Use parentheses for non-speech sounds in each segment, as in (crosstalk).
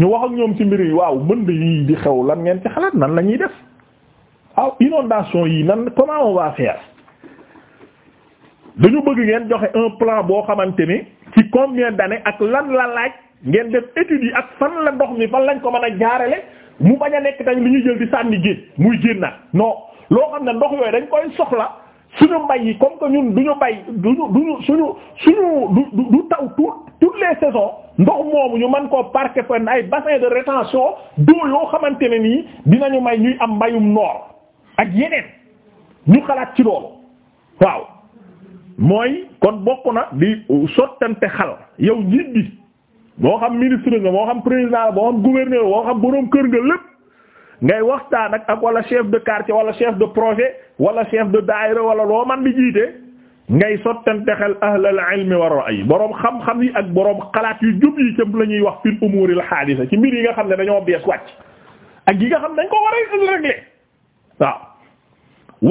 ñu wax ak ñoom ci mbir yi waaw mën yi di xew lan ngeen ci xalaat nan la ñuy def aw inondation yi nan comment on va faire dañu bëgg ngeen joxe un plan boo xamante ni ci combien d'années ak lan la laaj ngeen def études yi ak fan la ndox mi fan lañ ko mën a jaarale mu bañ a nekk tamit lu ñu jël di sànni géej muy na non loo xam ne ndox yooyu dañ koy soxla suñu mbay yi comme que ñun duñu bay duñu duñu suñu suñu du du taw tout toutes les saisons ndox moom ñu man koo parquer fenn ay bassin de rétention d'eau yoo xamante ne nii dinañu may ñuy am mbayum noor ak yeneen ñu xalaat ci loolu waaw mooy kon bokk na di sottante xal yow njiit bi moo xam ministre nga moo xam président la moo xam gouverneur moo xam boroom kër nga lépp ngay waxtaan ak ak wala chef de quartier wala chef de projet wala chef de daayira wala loo man di jiite ngay sottante xel ahlal ilmi wa ra'yi boroom xam-xam yi ak boroom xalaat yu jub yi cëm la ñuy wax fil umuuril haadisa ci mbir yi nga xam ne dañoo bees wàcc ak yi nga xam dañ ko war a régler waaw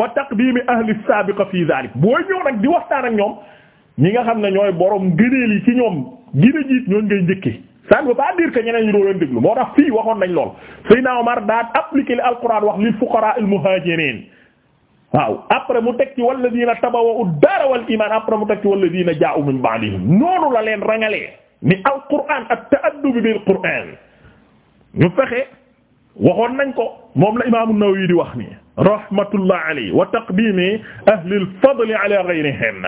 wa taqdimi ahli saabiqa fi dalik booy ñëw nag di waxtaan ak ñoom ñi nga xam ne ñooy boroom gëneel yi ci ñoom gën a jiit ñoon ngay njëkke ça ne veut pas dire que ñeneen ñu doo leen moo tax fii waxoon nañ lool Seydina Omar daan appliquer li alquran wax lil fuqara al muhajirin waaw après mu teg ci walladina tabawwa'u ad-dara wal iman après mu teg ci walladina jaa'u min ba'dihim noonu la leen rangalee ni alquran ak ta'addub bil quran ñu fexe waxoon nañ ko moom la imaamu Nawawi di wax nii rahmatullah alayhi wa taqdimi ahli al-fadl ala ghayrihim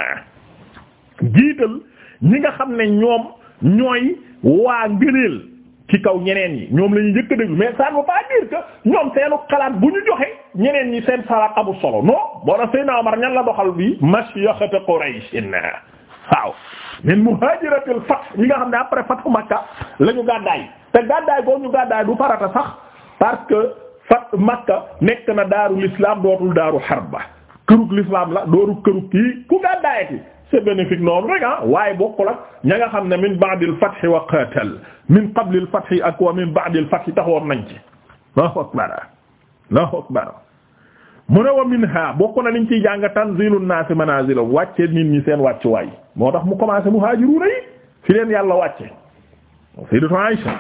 jiital ñi nga xam ne ñoom ñooy waa ngëneel ci kaw ñeneen yi ñoom la ñuy njëkk a mais ça ne veut pas dire ñoom seenu xalaat bu ñu joxe ñeneen ñi seen xalaat amul solo non boo tax ma Omar ñan la doxal bi mashyakhat Quraysh waaw min muhajiratil fath ñi nga xam ne après ku Makka la ñu gàddaay te gàddaay boobu ñu gàddaay du farata sax parce que fath Makka nekk na daaru l'islam dootul daaru ba kërug l'islam la dooru kërug kii ku gàddaayati c'est bénéfique noonu rek ah waaye bokkul ak ña nga xam ne min ba'dil fath wa qatal min qablil fath ak wa min ba'dil fath taxawoon nañ ci Allahu akbar Allahu akbar mu ne wa minha bokk na liñ ciy jàng tanzilun nas manazila wàcce nit ñi seen wàccuwaay moo tax mu commencé muhajiruna yi fi leen yàlla wàcce sayyidatu Aisha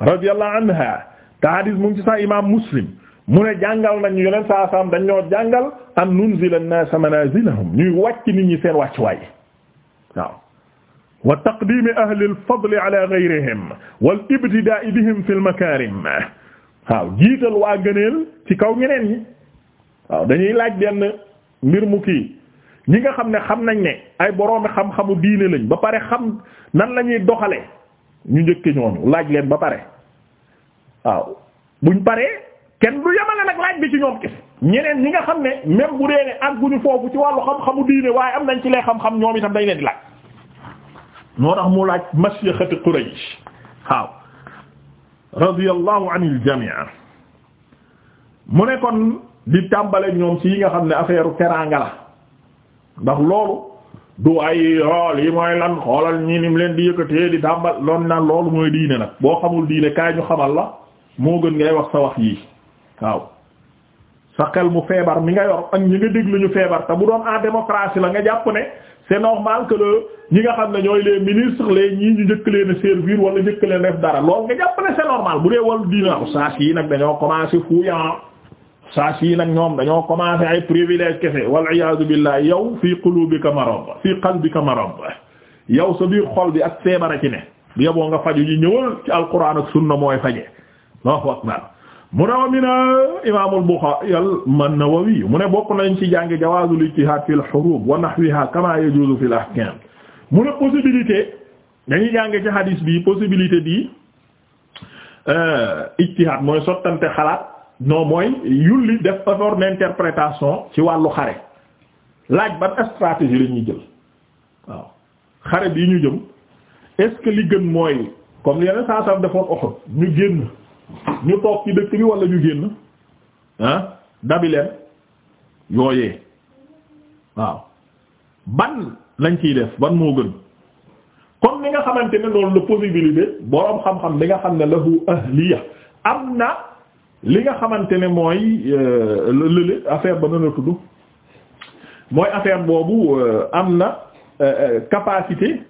radiyallahu anha te hadis mu ngi ci sax imam Muslim mu ne jàngal nañu yeneen saa saam dañ ñoo jàngal an nunzila an-nas manazilahum ñuy wàcc nit ñi seen wàccuwaay waaw wa taqdimi ahli alfadli ala gayrihim wal ibtidaai bihim fi lmakarim waaw jiital waa gëneel ci kaw ñeneen ñi waaw dañuy laaj benn mbir mu kii ñi nga xam ne xam nañ ne ay boroomi xam-xamu diine lañ ba pare xam nan la ñuy doxale ñu njëkk ñooñu laaj leen ba pare waaw buñ paree kenn du yamale nag laaj bi ci ñoom kese ñeneen ñi nga xam ne même bu dee ne àgguñu foofu ci wàllu xam-xamu diine waaye am nañ ci lay xam-xam ñoom itam day leen di laaj noo tax mu laaj masyaxati Quraysh waaw radiyallahu anil jami' mu ne kon di tàmbale ñoom ci yi nga xam ne affaire teraanga la ndax loolu du ay xool yi mooy lan xoolal ñi nim leen di yëkkatee di tàmbal loon naan loolu mooy diine nag boo xamul diine kaay ñu xamal la moo gën ngay wax sa wax yii waaw sa xel mu feebar mi nga yor ak ñi nga déglu ñu feebar te bu doon en démocratie la nga jàpp ne c'est normal que le ñi nga xam ne ñooy les ministres les ñii ñu njëkk leen a servir wala njëkk leen def dara loolu nga jàpp ne c'est normal bu dee wàllu diina saa si yi nag dañoo commencé fuyan ah saa si yi nag ñoom dañoo commencé ay privilèges kese wal iyaadu billaah yow fii quluubika marad fii qalbika marad yow sa biir xol bi ak feebar a ci ne. yoboo nga faju ji ñëwal ci alquran ak sunna mooy faje Allahu akbar mu ne wa mina imaamul Buxaari an-Nawawi mu ne bokk nañ ci jàngi jawaazul ijtihaad fil xuruub wa naxwihaa kamaa yajuuzu fil ahkaam mu ne possibilité dañuy jànge ci hadis bi possibilité bi euh, ijtihaad mooy sottante xalaat non mooy yulli def effort d'interprétation ci wàllu xare laaj ban stratégie la ñuy jël waaw xare bii ñu jëm est-ce que li gën mooy comme yeneen saa saa defoon oxut ñu génn. ñu toog ci dëkk bi wala ñu génn ah dabi leen yooyee waaw ban lañ ciy def ban moo gën kon li nga xamante ne loolu la possibilité boroom xam-xam bi nga xam ne lahu ahliya am na li nga xamante ne mooy lële euh, affaire ba na la tudd mooy affaire boobu euh, am na euh, capacité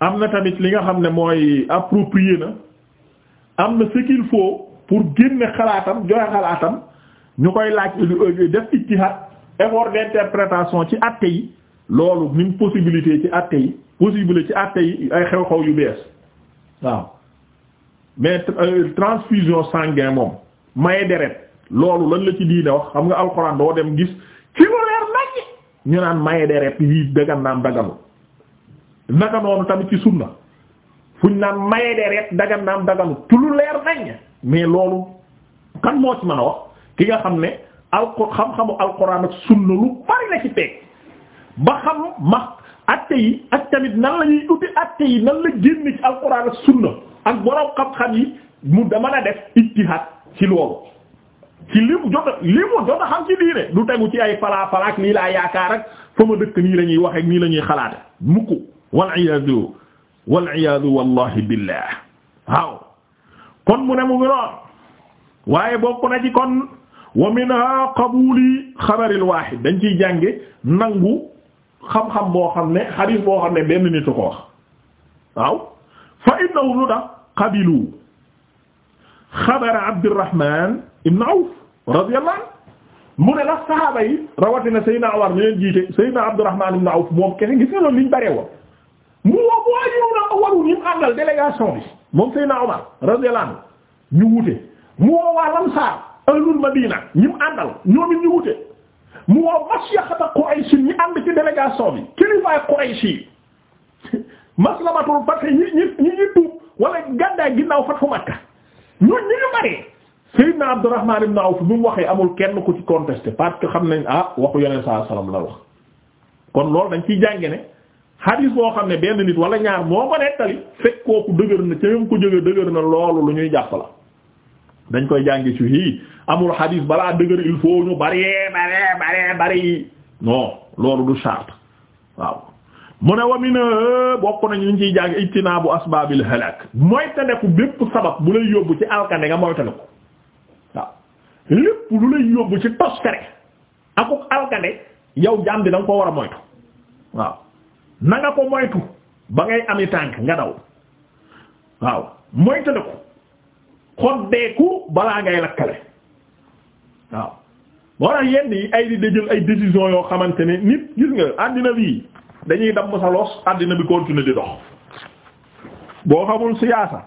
am na tamit li nga xam ne mooy approprié na am na ce qu'il faut pour génne xalaatam joxe xalaatam ñu koy laaj def ijtihad effort d'interprétation ci àtte yi loolu ni possibilité ci àtte yi possible ci àtte yi ay xew-xew yu bees waaw mais euh, transfusion sanguine moom maye deret loolu lan la ci diine wax xam nga alxuraan doo dem gis ci lu leer naññ ñu naan maye deret yi dagan naam naka noonu tamit ci sunna fuñ naan maye deret dagan naam daganu ci lu leer nañ mais loolu kan moo ci mën a wax ki nga xam ne alqur xam-xamu alquran ak sunna lu bari la ci teg ba xam ma atte yi ak tamit nan la ñuy uti atte yi nan la génn ci ak sunna ak borom xam-xam yi mu dama la def ijtihaad ci loolu ci li mu jot a li mu jot a xam ci diine du tegu ci ay falaa falaa ak lii laa yaakaar ak fa ma dëkk nii la ñuy wax ak nii lañuy ñuy xalaate mukk wal iyaazu wal iyaadu wallahi billah waaw kon mu ne mu ngi waaye bokk na ci kon wa minha qabuli xabaril waahid dañ ciy jànge nangu xam-xam boo xam ne xadiis boo xam ne benn nitu ko wax waaw fa innahu lu dax qabilu xabara Abdurrahman ibn Awf radiyallahu ne la saxaaba yi rawatina Seydina Umar mi leen jiite Seydina Abdurrahman ibn Awf moom kese bare woon mu woo bu na a warul ñu àndal délégation bi moom Seydina Omar radiyallahu ñu wute mu woo waa Lamsaar ahlul Madina ñu àndal ñoom ñu wute mu woo masyaxata Quraysh ñu ànd ci délégation bi kilifaay Quraysh yi (laughs) maslamatul Fath ñi ñi ñi ñi tuub wala gàddaay ginnaaw Fathu Makka ñooñu ñu ñu bari Seydina Abdurrahman ibn Awf bi mu waxee amul kenn ku ci contesté parce que xam nañ ah waxu Yonent sallallahu alayhi la wax kon loolu dañ ciy jànge xadis boo xam ne benn nit wala ñaar moo ko nettali fekk kooku dëgër na ca ko jóge dëgër na loolu lu ñuy jàpp la dañ koy jàngi ci amul xadis balaa dëgër il faut ñu bari bari bari bari non loolu du charte waaw mu ne wa mina bokk nañu ñu ciy jàng ijtinaabu asbaabil halak moytandiku bépp sabab bu lay yóbbu ci alkande nga moytandiku waaw lépp lu lay yóbbu ci toskare akuk alkande yow jaam bi ko war a moytu waaw na nga ko moytu ba ngay ami tànk nga daw waaw moytu ne ko xoddeeku balaa ngay lakkale waaw moo tax yenn yi ay di dajël ay décision yoo xamante ni nit gis nga àddina bi dañuy damm sa los àddina bi ko continuer di dox boo xamul siyaasa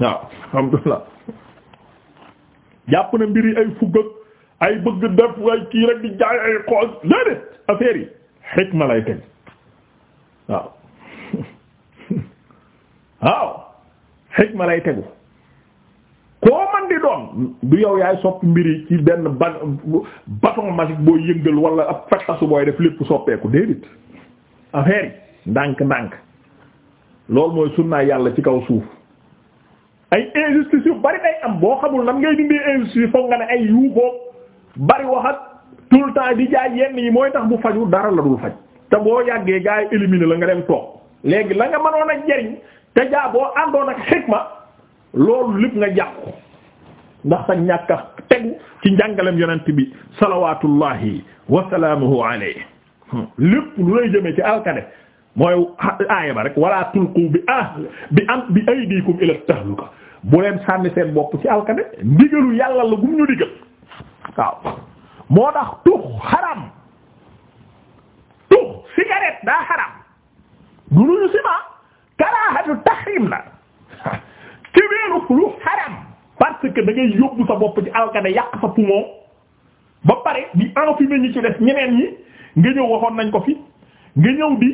waaw jàpp na mbir ay fugg ay bëgg def ay kii rek di jaay ay xoos déedéet affaire yi xikma lay teg waaw waaw xikma lay tegu koo man di doon du yow yaay soppi mbiri ci benn ba bâton magique booy yëngal wala ab fettasu booy def lépp soppeeku déedéet affaire yi ndànk-ndànk loolu mooy sunna yàlla ci kaw suuf ay injustice yu bari day am boo xamul nan ngay dindee injustice yi foog nga ne ay yu bari wax ak temps di jaay yenn yi mooy tax bu faju dara la dul faj te boo yàggee gaa yi éliminer la nga dem toog léegi la nga mënoon a jariñ te jaa boo àndoon ak xikma loolu lépp nga jàqu ndax sa ñàkk a tegu ci njàngalem yonent bi salawatullahi wa salaamuhu alayhi hmm. lépp lu lay jëmee ci alkade mooy aaya ba rek wala tulqu bi ah bi am bi aydikum ila tahluka bu leen sànni seen bopp ci alkade ndigalu yàlla la gum ñu digal waaw moo tax tux haram cigarette daa xaram du lu ñu sima karaahatu tahrim la ci weeru lu xaram parce que da ngay yóbbu sa bopp ci alkane yàq sa poumon ba pare di enfumer ñi ci def ñeneen ñi nga ñëw waxoon nañ ko fi nga ñëw di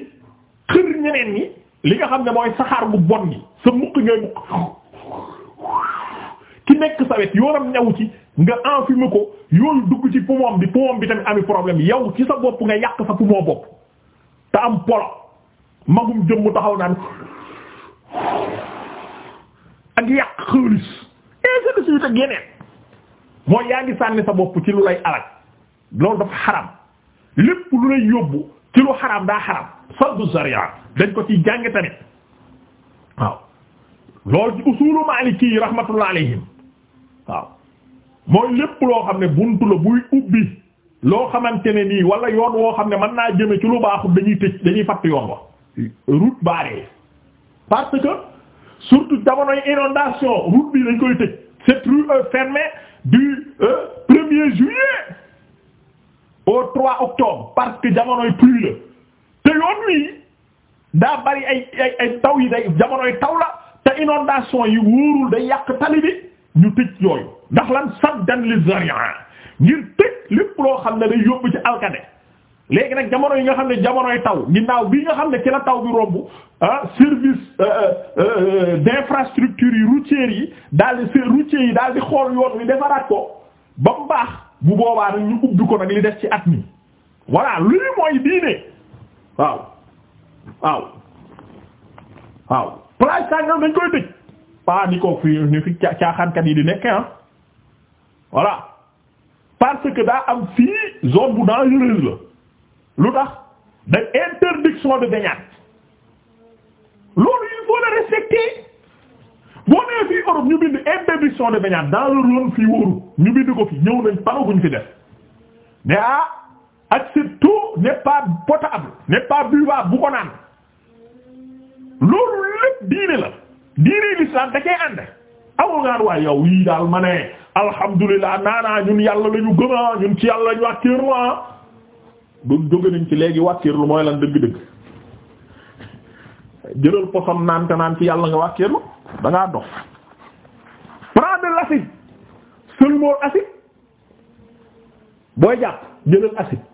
xër ñeneen ñi li nga xam ne mooy saxaar bu bon gi sa mukk ngay mukk ki nekk sa wet yoonam ñaw ci nga enfumer ko yooyu dugg ci poumon bi poumon bi tamit ami problème yow ci sa bopp nga yàq sa poumon bopp te am polo magum jëmm taxaw naan ak yàq xaalis ainsi de suite ak yeneen mooy yaa ngi sànni sa bopp ci lu lay alal loolu dafa xaram lépp lu lay yóbbu ci lu xaram daa xaram saldu zariya dañ ko ci jàng tamit waaw loolu ci usulu maliki yi rahmatullah alayhim waaw mooy lépp loo xam ne buntu la buy ubbi loo xamante ne nii wala yoon woo xam ne mën naa jën ci lu baaxul dañuy tëj dañuy fatt yoon wa route barrée parce que surtout jamonoy inondation route bi dañ koy tëj cette rue est fermée du euh, premier juillet au 3 octobre parce que jamonoy pluie te yoon wi daa bari ay ay taw yi day jamonoy taw la te inondation yi wóorul day yàq tali bi ñu tëj yooyu ndax lan saddan li zari'a ngir tëj lépp loo xam ne day yóbbu ci alkade léegi nag jamono yi nga xam ne jamonoy taw ginnaaw bi nga xam ne ci taw bi romb ah service euh, euh, euh, d'infrastructure yi routières yi daal di routiers yi daal di xool yoon wi defaraat ko ba mu baax bu boobaa nag ñu ubbi ko nag li des ci at mi voilà lii mooy diine waaw waaw waaw plage sàngam dañ koy tëj pa ni ko fi ni fi caaxaankat yi di nekk ah voilà parce que daa am fii zone bu dangereuse la lu tax da interdiction de baignade loolu il faut le respecter boo nee fii Europe ñu bind interdiction de baignade dans le Rhône fii wóoru ñu bind ko fi ñëw nañ palaguñ fi def mais ah ak surtout n'est pas potable n'est pas buvable bu ko naan loolu lépp diine la diine l'islam da koy ànd amul ngaan waaye yow yii daal ma ne alhamdulilah naanaa ñun yàlla la ñu ah, ñun ci yàlla ñu wàkkiirlu ah du jóge nañ ci léegi wàkkiirlu mooy lan dëgg-dëgg jëlal poson naan naan ci yàlla nga wàkkiirlu da ngaa dox prends de l'acide seulement acide booy jàpp jëlal acide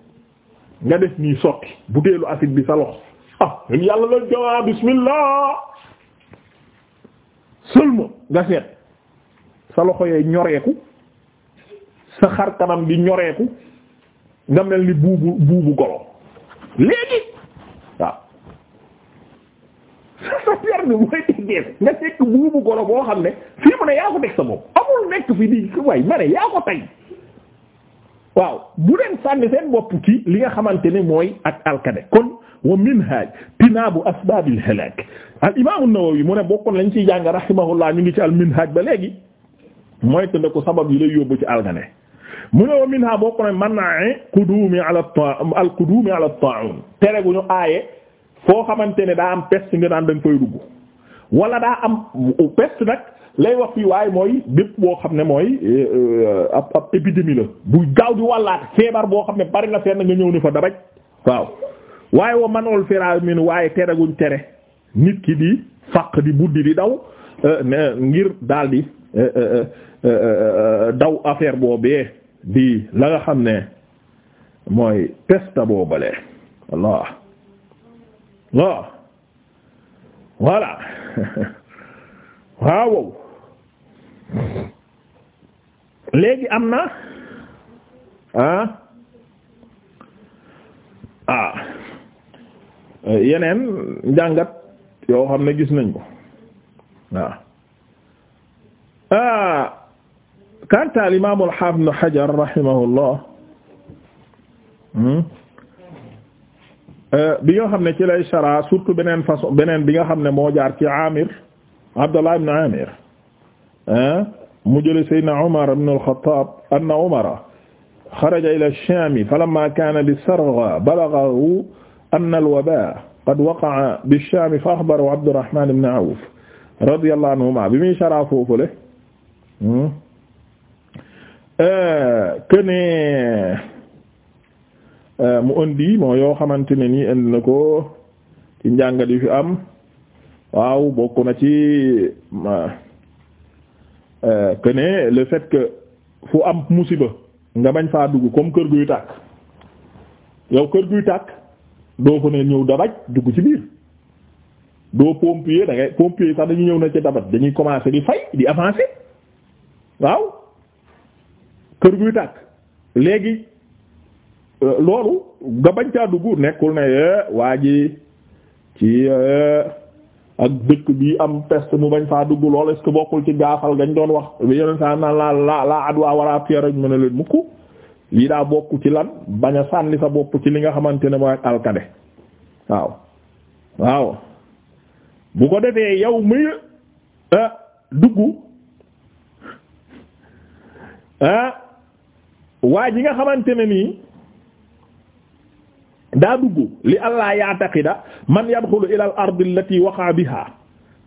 nga def nii sotti butéelu acide bi sa loxo ah, ñun yàlla la gëm ah, bismillah seulement nga seet sa loxo yee ñoreeku sa xar kanam bi ñoreeku nga mel ni buubu buubu golo léegi waaw (laughs) sa per bi mooy teggees nga nekk buubu golo boo xam ne fii mu ne yaa ko teg sa bopp amul nekk fi di way ma ne yaa ko tey waaw bu leen sànni seen bopp ci li nga xamante ni mooy ak alkade kon wa minhaj tinaabu asbaabil halaak al imaamu Nawawi mu ne bokkoon lañ ciy jàng rahimahullah ñu ngi ci al minhaj ba léegi mooy que ko sabab yi lay yóbbu ci algane mu ne wa minha bokk na mannaa'i qudumi ala al qudumi ala ta'un tere gu ñu aaye foo xamante ne daa am peste nga daan da koy fay dugg daa am peste nag lay wax fii waaye mooy bépp boo xam ne mooy eh, eh, ab ab épidémie la bu gaaw di wàllaat feebar boo xam ne bari na fenn nga ñëw ni fa dabaj waaw waaye wa manul fira min waaye tere guñ tere nit ki di faq di buddi di daw eh, ngir daal di Euh, euh, euh, daw affaire boobee di la nga xam ne mooy pesta boobale Allah Allah voilà (laughs) waaw léegi am na ah, ah yeneen njàngat yoo xam ne gis nañ ko waaw ah. kanta al imaam al haafiz ibn Hajar rahimahullah hmm, euh, bi nga xam ne ci lay shara surtout beneen façon beneen bi nga xam ne moo jaar ci Amir Abdullah ibn Amir mu jële Seydina Umar ibn al-Khattab anna Umara xaraja ila ash-Shaam falamma kaana bi-Sargha balaghahu anna al-wabaa qad waqa'a bi-Shaam fa akhbarahu Abdurrahmaan ibn Awf radiyallahu anhumaa bi muy shara foofule hmm. Euh, que ne euh, mu indi moo yoo xamante ne nii indi na ko ci njàngat yu fi am waaw bokk na ci euh, que ne le fait que fu am musiba nga bañ faa dugg comme kër guy tàkk yow kër guy tàkk doo ko ne ñëw dabaj dugg ci biir doo pompier da ngay sax dañu ñëw na ci dabat dañuy commencer di fay di avancer waaw. kër guy tàkk léegi euh, loolu nga bañ caa dugg nekkul ne eh, waa ji ci eh, ak dëkk bi am peste mu bañ faa dugg loolu est-ce bokkul ci gaafal gañ doon wax yeneen saa naan la la la adwa wala fièra mën a leen mukk lii daa bokk ci lan bañ a sànni sa bopp ci li nga xamante ne mooy ak alkade waaw waaw bu ko defee yow muy eh, dugg ah waa ji nga xamante ne nii daa dugg li allah ya'taqida man yadxulu ila al ard allati waqa'a biha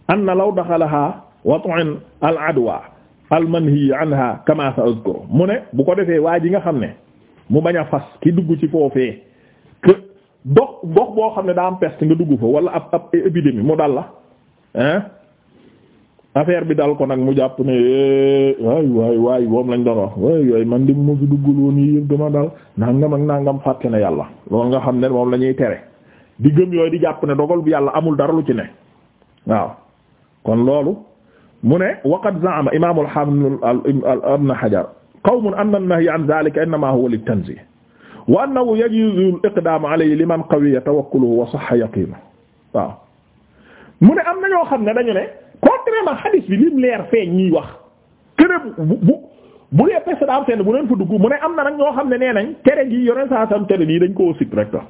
anna law daxalaha wat'in al adwa al manhi anha kama sa'adkuru mu ne bu ko defee waa ji nga xam ne mu bañ a fas ki dugg ci foofee que dox dox boo xam ne daa am peste nga dugg fa wala ab ab épidémie mu dal la affaire bi dal ko nag mu jàpp ne eh, waay waay waay moom lañ doon wax waay man di mu ma si duggul woon yi yëpp dama dal nangam ak nangam fàtte na yàlla loolu nga xam ne moom la ñuy tere di gëm yooyu di jàpp ne dogal bu yàlla amul dara lu ci ne waaw kon loolu mu ne waqad zaama imaam al ibn hajar qawmun anna an-nahya an dhalika innama huwa lit-tanzih wa annahu yajuzu al-iqdaam alayhi liman qawiya tawakkuluhu wa sahha yaqinuhu waaw mu ne am na ñoo xam ne dañu ne contrairement hadis bi lim leer feeñ ñuy wax kene bu bu bu dee peste daa bu leen fa dugg mu ne am na nag ñoo xam ne nee nañ tere gi yoneen saa sam tere nii dañ koo sit rek la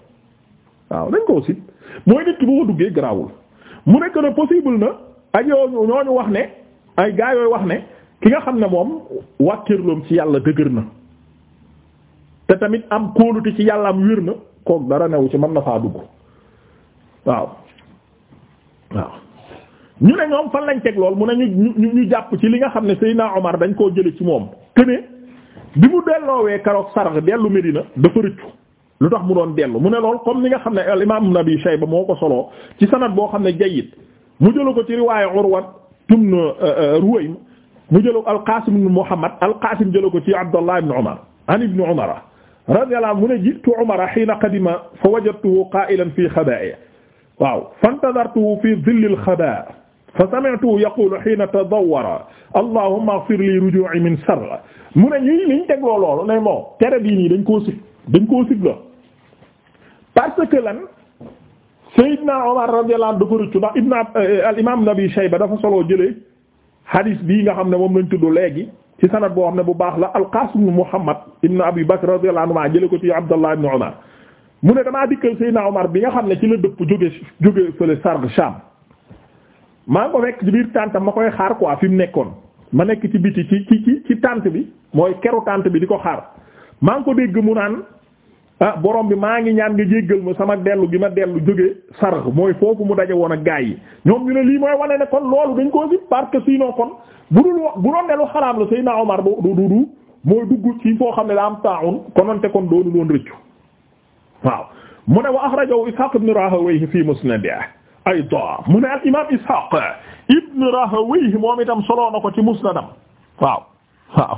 waaw dañ koo sit mooy nit ki bu ko duggee garaawul mu nekk ne possible na ak yoo ñooñu wax ne ay gaa yooyu wax ne ki nga xam ne moom wàkkirloom ci yàlla dëgër na te tamit am kóolute ci yàlla am wér na kook dara new ci mën na faa dugg waaw waaw ñu ne ñoom fan lañ teg lool mu ne ñu ñu ñu jàpp ci li nga xam ne Seydina Omar dañ koo jële ci moom que bi mu delloowee keroog sarx dellu Medina dafa rëccu lu tax mu doon dellu mu ne lool comme li nga xam ne al imaam Ibn Abi Shayba moo ko soloo ci sanad boo xam ne jayyid mu jëla ko ci riwaayu Urwat ibn euh, euh, Ruwaym mu jëla ko al-Qaasim ibn Muhammad al-Qaasim jëla ko ci Abdullah ibn Umar an ibn Umar radiyallahu anhu mu ne jiitu Umar hiina qadima fa wajadtuhu qaa'ilan fii fa sami'tu yaqulu hina tadawwara allahumma ighfir li ruju'i min sarra mu ne ñuy liñ tegloo loolu ne moo tere bii nii dañ koo sib dañ koo sib la parce que lan Seydina Omar radiyallahu anhu dafa rëccu ndax ibn euh, al imam Ibn Abi Shayba dafa soloo jëlee hadis bii nga xam ne moom lañ tudd léegi ci sanad boo xam ne bu baax la al-Qasim ibn Muhammad ibn Abi Bakr radiyallahu anhu jëlee ko ci Abdallah ibn Omar mu ne damaa dikkal Seydina Omar bi nga xam ne ci la dëpp jóge jóge fële Sarg Sham maa ngi ko fekk ci biir tànt ma koy xaar ko quoi fi mu nekkoon ma nekk ci biti ci ci ci ci tànt bi mooy keru tànt bi di ko xaar maa ngi ko dégg mu naan ah borom bi maa ngi ñaan nga jéggal ma sama dellu gi ma dellu jóge sarx mooy foofu mu daje woon a gaa yi ñoom ñu ne lii mooy wane ne kon loolu dañ koo si parce que sinon kon bu dul bu doon dellu xaraam la Seydina Omar du du du mooy dugg ci foo xam ne daa am taa'un kononte kon doonu loon rëccu waaw mu ne wa akhrajahu Ishaq ibn Rahawayh fi musnadihi ayda mu ne al imam ishaq ibn rahawayh moom itam soloo na ko ci musnadam waaw waaw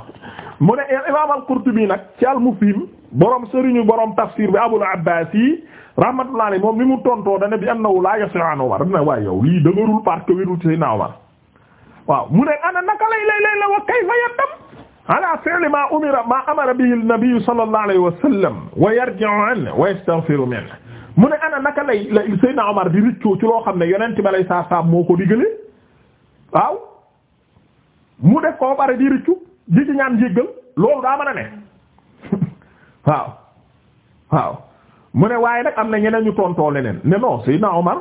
mu ne imam al-Qurtubi nag ci al-Mufhim borom sëriñu borom tafsir bi Abul Abbas yi rahmatullah alayhi moom ni mu tontoo dane bi annahu la yasih an Umar dana waaye yow lii dëgërul parce que wérul ci Seydina Umar waaw mu ne ana naka lay lay lay la wa kayfa yaddam ala fi'li ma umira ma amara bihi an-nabi sallallahu alayhi wa sallam wa yarji'u anhu wa yastaghfiru minhu mu ne ana naka lay la Seydina Omar di rëccoo ci loo xam ne yonent ba lay saa saam moo ko digale waaw mu def ko bare di rëccu di ci ñaan jéggal loolu daa mën a ne (laughs) waaw waaw mu ne waaye nag am na ñeneen ñu tontoo leneen ne non Seydina Omar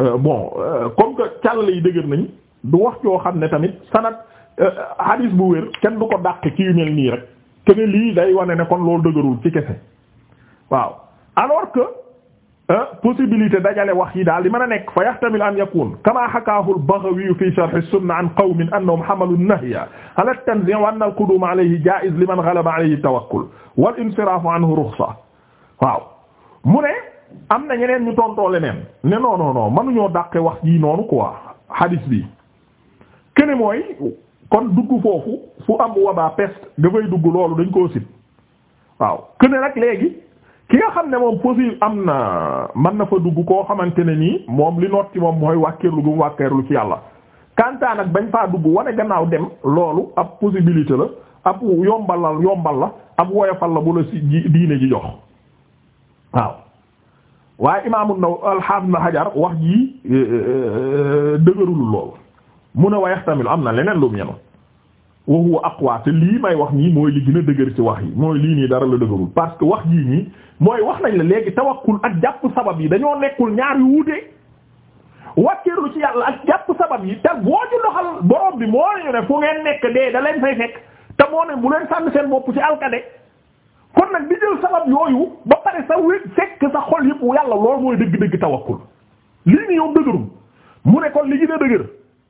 euh, bon euh, comme que càllale yi dëgër nañ du wax yoo xam ne tamit sanad euh, hadis bu wér kenn du ko dàq ci yu mel nii rek te ne lii day wane ne kon loolu dëgërul ci kese waaw Ah, possibilité dajale wax yi daal di mën a nekk fa yahtamil an yakun kama hakahu al-Baghawi fi sharh as-sunna an qawmin annahum hamalu an-nahya ala at-tanzi' wa alayhi ja'iz liman ghalaba alayhi at-tawakkul wal insirafu waaw mu ne am na ñeneen ñu tontoo leneen ne non non non mënuñoo dàqe wax ji noonu quoi hadis bi kene mooy kon dugg foofu fu am waba peste dafay dugg loolu dañ koo sit waaw kene nag léegi ki nga xam ne moom possible am na man na fa dugg koo xamante ne nii moom li noot ci moom mooy wàkkeerlu bu mu wàkkeerlu ci yàlla kantaan ak bañ faa dugg wane gannaaw dem loolu ab possibilité la ab yombalal yombal la ab woyofal la bu la si diine ji jox waaw waaye imaamu naw alxaam na xajar wax ji eh, eh, eh, dëgërul loolu mun a wayax tamit am na leneen lu mu ñenu wa huwa aqwa te lii may wax nii mooy li gën a dëgër ci wax yi mooy lii nii dara la dëgërul parce que wax jii nii mooy wax nañ la léegi tawakkul ak jàpp sabab yi dañoo nekkul ñaar yu wuute wàcceerlu ci yàlla ak jàpp sabab yi te boo ci doxal borom bi moo ñu ne fu ngeen nekk dee da leen fay fekk te moo ne bu leen sànni seen bopp ci alkade kon nag di jël sabab yooyu ba pare sa wé fekk sa xol yëpp yàlla loolu mooy dëgg-dëgg tawakkul lii nii yow mu ne li gën a dëgër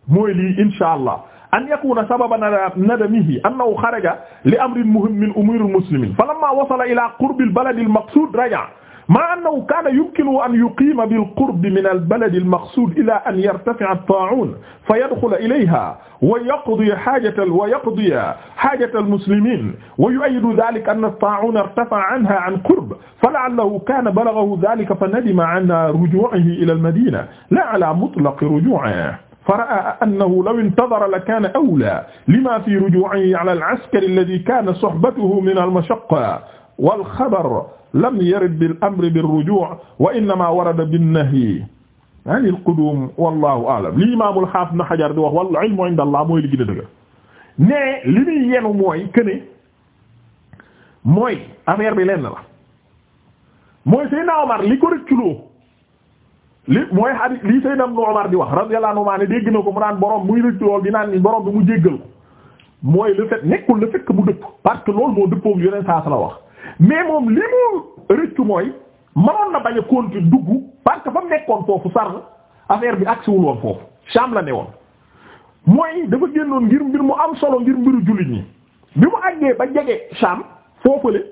mooy lii allah an yakuna sababan nadamihi annahu xaraja li amrin muhim min umuuril muslimiin falammaa wasala ilaa qurbil baladil maqsuud raja'a maa annahu kaana yumkinuhu an yuqiima bil qurbi minal baladil maqsuud ilaa an yartafi'a at-taa'uun fayadxula ilayhaa wa yaqdiya haajatal wa yaqdiya haajatal muslimiin wa yu'ayyidu dhaalika anna at-taa'uuna irtafa'a anhaa 'an qurb fala'allahu kaana balaghahu dhaalika fanadima 'alaa rujuu'ihi ilal madiina laa 'alaa mutlaqi rujuu'ihi فرأى أنه لو انتظر لكان أولى لما في رجوعه على العسكر الذي كانت صحبته من المشقة والخبر لم يرد بالأمر بالرجوع وإنما ورد بالنهي عن القدوم والله أعلم li Imaam al-Haafiz Ibn Hajar di wax wal-ilmu inda Allah mooy li gën a dëgg ne li muy yenu mooy que ne mooy affaire bi lenn la mooy Seydina Omar li ko rëcculoo li mooy hadith lii Seydina Ibn Umar di wax radiyallahu anhu ne dégg na ko mu naan borom muy rëcc lool di naan ni borom bi mu jéggal ko mooy le fait nekkul le fait mu dëpp parce que loolu moo dëppoog yeneen saa sa la wax mais moom li mu rëccu mooy mënoon na bañ a compter dugg parce que fa mu nekkoon foofu sar affaire bi agsiwul woon foofu Sham la ne woon mooy dafa génnoon ngir mbir mu am solo ngir mbiru jullit ñi bi mu àggee ba jege Sham foofule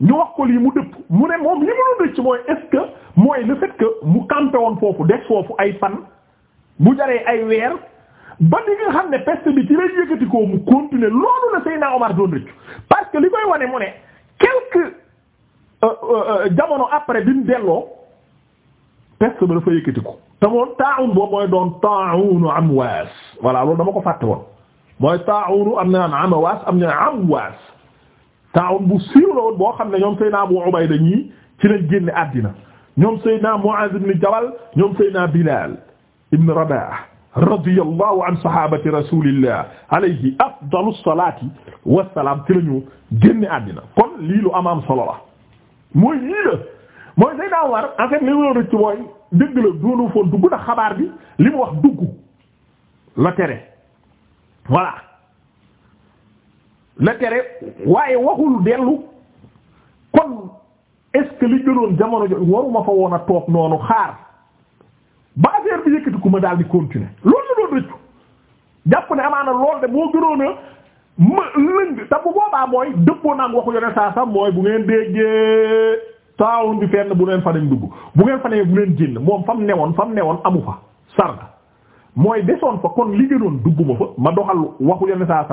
ñu wax ko lii mu dëpp mu ne moom li mu dëcc mooy est mooy le fait mu campé woon foofu des foofu ay fan bu jaree ay weer ba di xam ne peste bi ci lay yëkkatikoo mu continuer loolu la Seydina Omar doon rëccu parce que li koy wane mu ne quelque euh, euh, euh, jamono après bi mu delloo peste ba dafa yëkkatiku te moom taawun boobu mooy doon taawunu Amwaas voilà loolu dama ko fàtte woon mooy taawunu am na Amwaas am na Amwaas taawun bu siiw la woon boo xam ne ñoom Seydina Abu Ubayda ñii ci lañ génne àddina ñoom Seydina Muaz ibn Jabal ñoom Seydina Bilal ibn Rabah radiyallahu an sahabati rasulillah alayhi afdalu salati wasalaam ci lañu génne àddina kon lii lu amaam solo la mooy lii la mooy Seydina Umar en fait li mu rëcc mooy dëgg la doonu foon dugg na xabaar bi li mu wax dugg la tere voilà la tere waaye waxul dellu kon est li gënoon jamono jo waruma fa woon a toog noonu xaar ba affaire bi yëkkati ku ma daal di continuer loolu la doon rëccu jàpp ne amaana lool de moo gënoon a ma lëng te boobaa mooy dëppoo naag waxu yone saa mooy bu ngeen déggee taawun bi fenn bu neen fa dañ dugg bu ngeen fa ne bu leen génn moom fam newoon fam newoon amu fa sarga mooy desoon fa kon li gënoon dugg ma fa ma doxal waxu yone saa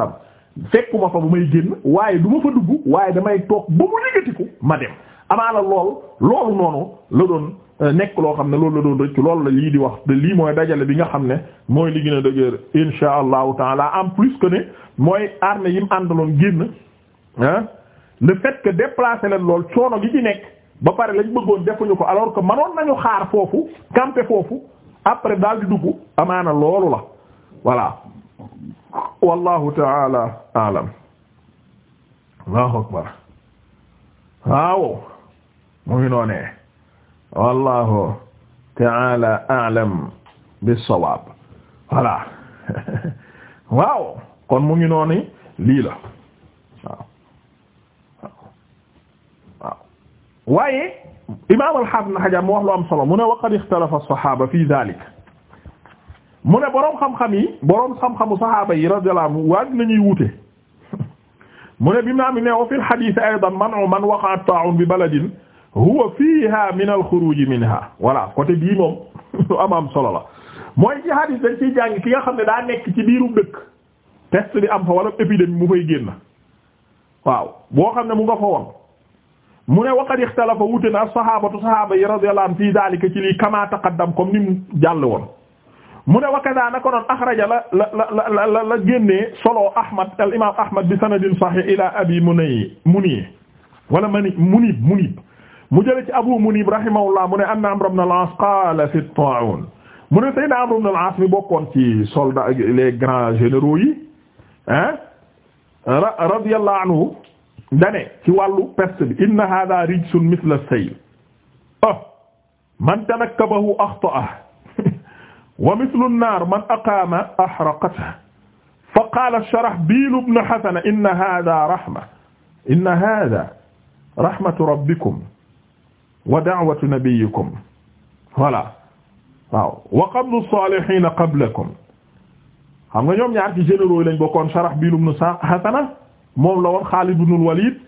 fekkuma fa bu may génn waaye duma ma fa dugg waaye damay toog ba mu yëngatiku ma dem amaana lool loolu noonu la doon euh, nekk loo xam ne loolu la doon rëccu loolu la lii di wax te lii mooy dajale bi nga xam ne mooy li gën a dëgër insha allahu taala en plus que ne mooy armée yi mu àndaloon génn ah le fait que déplacer leen lool coono gi ci nekk ba pare lañ bëggoon defuñu ko alors que manoon nañu xaar foofu camper foofu après daal di dugg amaana loolu la voilà wallahu taala alam allahu akbar waaw mu ngi noonee wallahu taala alam bissawaab voilà (laughs) waaw kon mu ngi nooni lii la waaw waaw waaye imaam al-Haafiz Ibn Hajar mu wax lu am solo mu ne waqad ixtalafa as-sahaaba fi dhaalika mu ne boroom xam-xam yi boroom xam-xamu saxaaba yi radiyallahu anhu waaj nañuy wute (laughs) mu ne bi maam ne wa fil hadith aydan man'u man waqa'a ta'un bi baladin huwa fiha min al-khuruj minha voilà côté bii moom (laughs) lu am am solo la mooy ci hadith dañ ciy jàng ki nga xam ne daa nekk ci biirum dëkk peste bi am fa wala épidémie mu fay génn waaw boo xam ne mu nga fa woon mu ne waqad ikhtalafa wute na as-sahabatu sahaaba yi radiyallahu anhum fii ci lii kama taqaddam comme jàll woon mu ne wakada nako noon axraja la la la la la génnee solo Ahmad al imaam Ahmad bi sanadin sahih ila abi munay munii wala mani munib munib mu jële ci abu munib rahimahullah mu ne anna Amr ibn al-As qaala fi at-ta'un mu ne Seydina Amr ibn al-As mi bokkoon ci soldats les grands généraux yi ah radiyallahu anhu dane ci wàllu peste bi inna hadha rijsun mithla as-sayl ah man tanakkabahu axta'a wa mithlu an-naar man aqaama ahraqathu fa qaala Sharahbiil ibn Hasana inna haadha rahma inna haadha rahmatu rabbikum wa da'watu nabiyyikum voilà waaw wa qablu as-saalihiina qablakum xam nga ñoom ñaar ci généraux yi lañ bokkoon Sharahbiil ibn Hasana moom la woon Xaalid ibn al-Waliid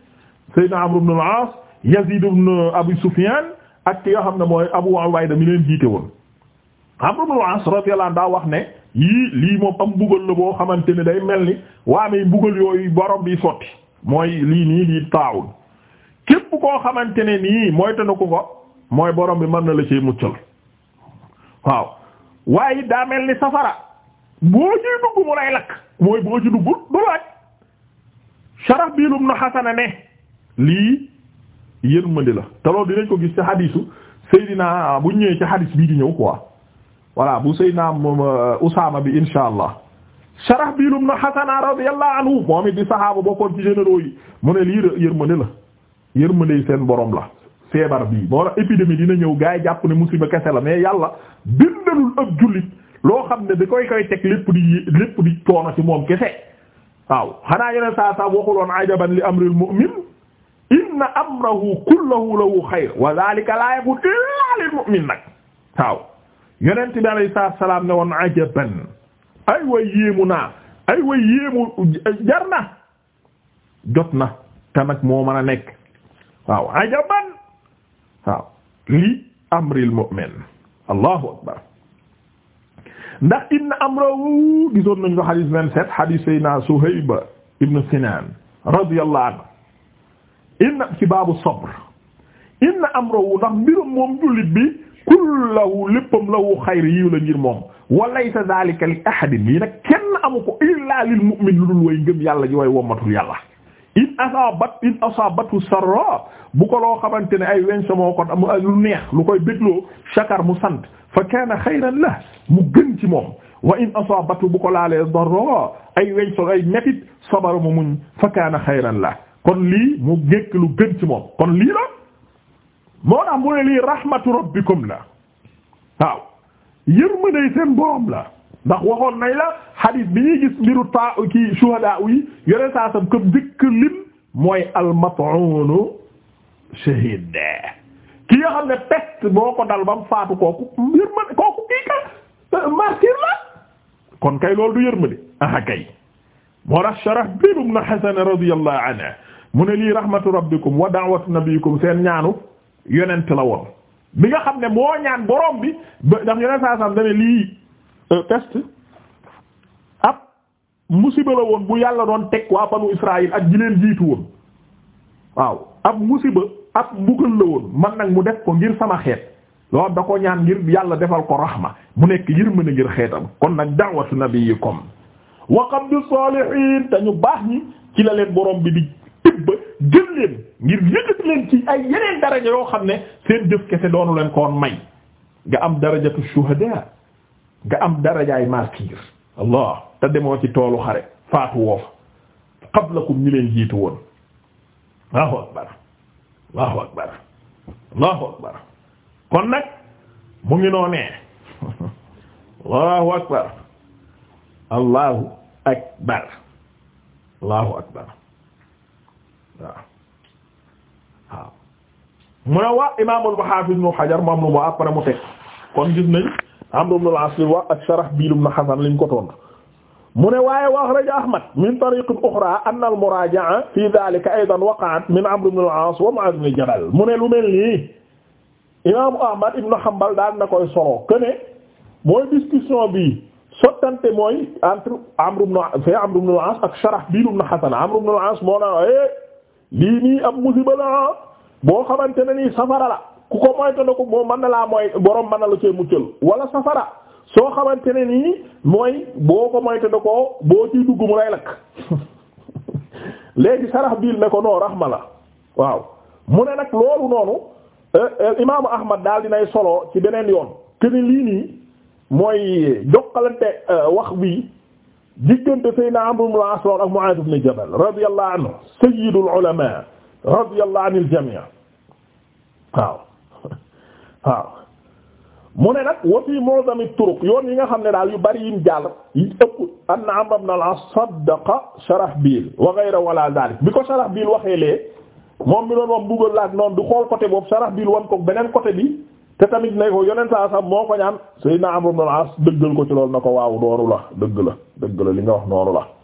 Sayyidina Amr ibn al-Aas Yaziid ibn Abi Sufyaan ak ki nga xam ne mooy Abu Ubayda mi leen jiite woon Amr ibn al-As radiyallahu daa wax ne yii lii moom am mbugal la boo xamante ni day mel ni waa may mbugal yooyu borom bi sotti mooy lii nii lii taawul képp koo xamante ne nii mooy te na ko ko mooy borom bi mën na la ci muccal waaw waaye daa mel ni safara boo ciy dugg mu lay lakk mooy boo ci dugg du laaj Sharaxbiil ibn Hasana ne lii yërmandi la te loolu dinañ ko gis ci xadiisu Seydina bu ñëwee ci xadiis bii di ñëw quoi. voilà bu sëy naam euh, Usaama bi insha allah Shurahbil ibn Hasan radiyallahu anhu moom it di sahaaba ci généraux yi mu ne lii yërmande la yërmande seen borom la feebar bii moo tax dina ñëw gaa yi jàpp ne musiba kese la mais yàlla bindalul ab jullit loo xam ne da koy koy teg lépp di lépp di coono ci moom kese waaw xanaa yeneen saa saa waxuloon ajaban li amril mu'min inna amrahu kullahu lahu xayr wa dhalika la yakun illa lil yonent bi alayhi salaam ne woon ajaban ay way yéemu naa ay way yéemu jar na jot na te nag moo mën a nekk waaw ajaban waaw li amril mu'min allahu akbar ndax inna amrahu gisoon nañ ko xadis vingt-sept xadis sayna Suhayb ibn Sinan radiyallahu anhu inna ci baabu sabr inna amrahu ndax mbirum moom jullit bi kullahu léppam lahu xayr yiw la ngir moom wa laysa dhalika li ahadin lii nag kenn amu ko illa lil mu'min lu dul way ngëm yàlla ji way wommatul yàlla in asabat in asabatu sarra bu ko loo xamante ne ay weñ samoo ko lu neex lu koy bégloo shakar mu sant fa kaana xayran la mu gën ci moom wa in asabatu bu ko laalee darra ay weñ so ay métit sabara mu muñ fa kaana xayran la kon lii mu gékk lu gën ci moom kon lii la moo tax mu ne lii rahmatu rabbikum la waaw yërmande seen borom la ndax waxoon nañ la hadith bi ñuy gis mbiru taa kii shuhada yi yore saa sam ko njëkk lim mooy al-mat'unu shahid ki nga xam ne peste ko dal bam faatu kooku yërmande kii ka martyr la kon kay loolu du yërmande aha kay moo tax Shurahbil ibn Hasan radiyallahu anhu mu ne lii rahmatu rabbikum wa da'watu nabiyyikum seen ñaanu yonent la woon bi nga xam ne moo ñaan borom bi ba ndax yonent saa sam dane lii peste euh, ab musiba la woon bu yàlla doon teg waa banu Israël ak ji leen jiitu woon waaw ab musiba ab mbugal la woon man nag mu def ko ngir sama xeet loolu da ko ñaan ngir yàlla defal ko rahma mu nekk yërmande ngir xeetam kon nag da'watu nabiyikum wa qabdu salihin te ñu baax ñi ci la leen borom bi di tibba jël leen ngir yëkkati leen ci ay yeneen daraja yoo xam ne seen jëf kese doonu leen koon may nga am darajatu shuhada nga am darajaay martyr allah te demoo ci toolu xare faatu woo fa qablakum ñi leen jiitu woon allahu akbar allahu akbar allahu akbar (laughs) waaw waaw mu ne waa imaamul Hafiz Ibn Hajar moom lu mu après mu teg kon gis nañ Amr ibn al-As wax ak Shurahbil ibn Hasan liñ ko tontu mu ne waaye wa axraja Ahmad min tariq uxra anna al-muraaja'a fi dhaalika aydan waqa'at min Amr ibn al-As wa Mu'aaz ibn Jabal mu ne lu mel nii imaamu Ahmad ibn Hanbal daan na koy solo que ne mooy discussion bi sottante mooy entre Amr ibn fi Amr ibn al-As ak Shurahbil ibn Hasan Amr ibn al-As moo na lii nii ab musiba la boo xamante ne nii safara la ku ko moytandiku moom mën na laa mooy borom man na la cee muccal wala safara soo xamante ne nii mooy boo ko moytandikoo boo ciy dugg mu lay lakk (laughs) léegi sarax biil ne ko noo raxma la waaw mu ne nag loolu noonu eh, eh, imaamu Ahmad daal dinay solo ci beneen yoon que ni lii nii mooy jokkalante eh, wax bi. diggante Seydina Amr ibn al-As ak Mu'aaz ibn Jabal radiyallahu anhu sayyidul ulamaa radiyallahu anil jamii' waaw (laughs) waaw mu ne nag wa fii mu'zami turuq yoon yi nga xam ne daal yu bari yim jàll yi ëpp anna Amr ibn al-As saddaqa Shurahbiil wa ghayra wala zaalik bi ko Shurahbiil waxee lee moom mi doon wax mbugal laak noonu du xool côté boobu Shurahbiil wan ko beneen côté bi te tamit ne ko yonent saa sax moo ko ñaan Seydina Amr ibn al-As dëggal ko ci loolu na ko waaw noonu la dëgg la dëgg la li nga wax noonu la